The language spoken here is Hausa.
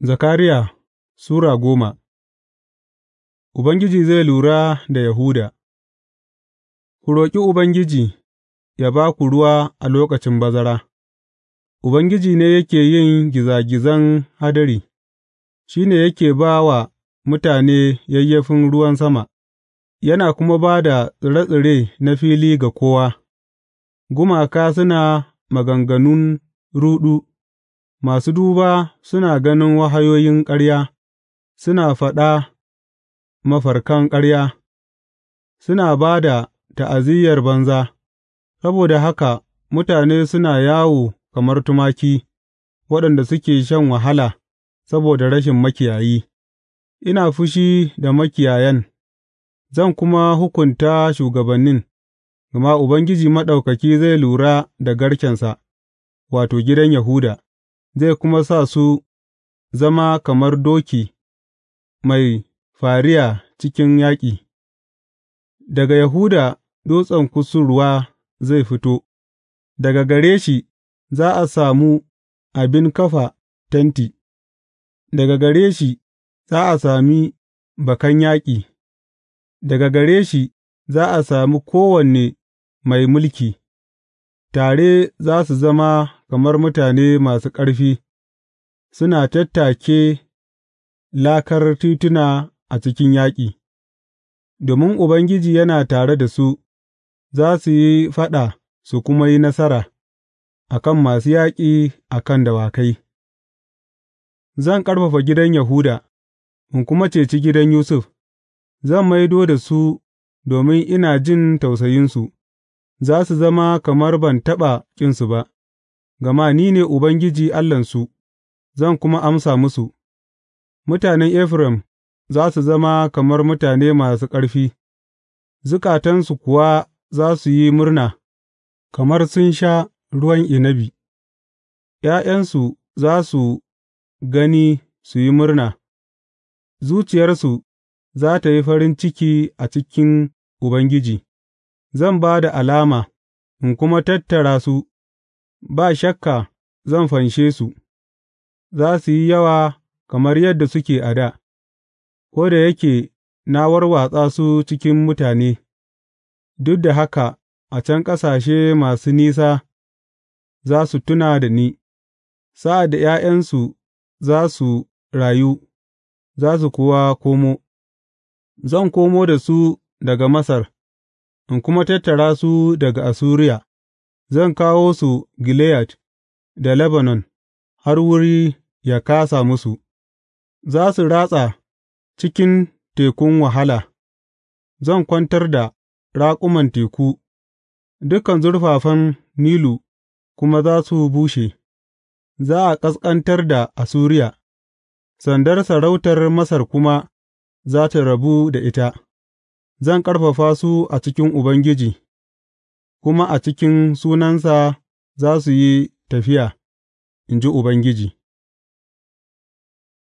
Zakariya Sura goma Ubangiji zai lura da Yahuda Ku roƙi Ubangiji ya ba ku ruwa a lokacin bazara; Ubangiji ne yake yin gizagizan hadari, shi ne yake ba wa mutane yayyafin ruwan sama, yana kuma ba da tsire tsire na fili ga kowa, gumaka suna maganganun ruɗu. Masu duba suna ganin wahayoyin ƙarya, suna faɗa mafarkan ƙarya, suna ba da ta'aziyyar banza; saboda haka mutane suna yawo kamar tumaki waɗanda suke shan wahala saboda rashin makiyayi, ina fushi da makiyayan, zan kuma hukunta shugabannin, gama Ubangiji Maɗaukaki zai lura da garkensa, wato, gidan Yahuda. zai kuma sa su zama kamar doki mai fariya cikin yaƙi, daga Yahuda dutsen kusurwa zai fito, daga gare shi za a samu abin kafa tenti, daga gare shi za a sami bakan yaƙi, daga gare shi za a sami kowanne mai mulki, tare za su zama kamar mutane masu ƙarfi, suna tattake lakar tituna a cikin yaƙi, domin Ubangiji yana tare da su, za su yi faɗa su kuma yi nasara a kan masu yaƙi a kan dawakai. Zan ƙarfafa gidan Yahuda, in kuma ceci gidan Yusuf, zan maido da su domin ina jin tausayinsu, za su zama kamar ban taɓa ƙinsu ba. Gama ni ne Ubangiji Allahnsu, zan kuma amsa musu; mutanen Efraim za su zama kamar mutane masu ƙarfi, zukatansu kuwa za su yi murna kamar sun sha ruwan inabi; ’ya'yansu za su gani su yi murna, zuciyarsu za ta yi farin ciki a cikin Ubangiji; zan ba da alama in kuma tattara su. ba shakka zan fanshe su, za su yi yawa kamar yadda suke a da. ko da yake na warwatsa su cikin mutane, duk da haka a can ƙasashe masu nisa za su tuna da ni, sa'ad da ’ya'yansu za su rayu, za su kuwa komo, zan komo da su daga Masar, in kuma tattara su daga Asuriya. Zan kawo su Gileyad da Lebanon har wuri ya kāsa musu; za su ratsa cikin tekun wahala, zan kwantar da raƙuman teku, dukan zurfafan Nilu kuma za su bushe; za a ƙasƙantar da Assuriya, sandar sarautar Masar kuma za tă rabu da ita; zan ƙarfafa su a cikin Ubangiji. kuma a cikin sunansa za su yi tafiya, in ji Ubangiji.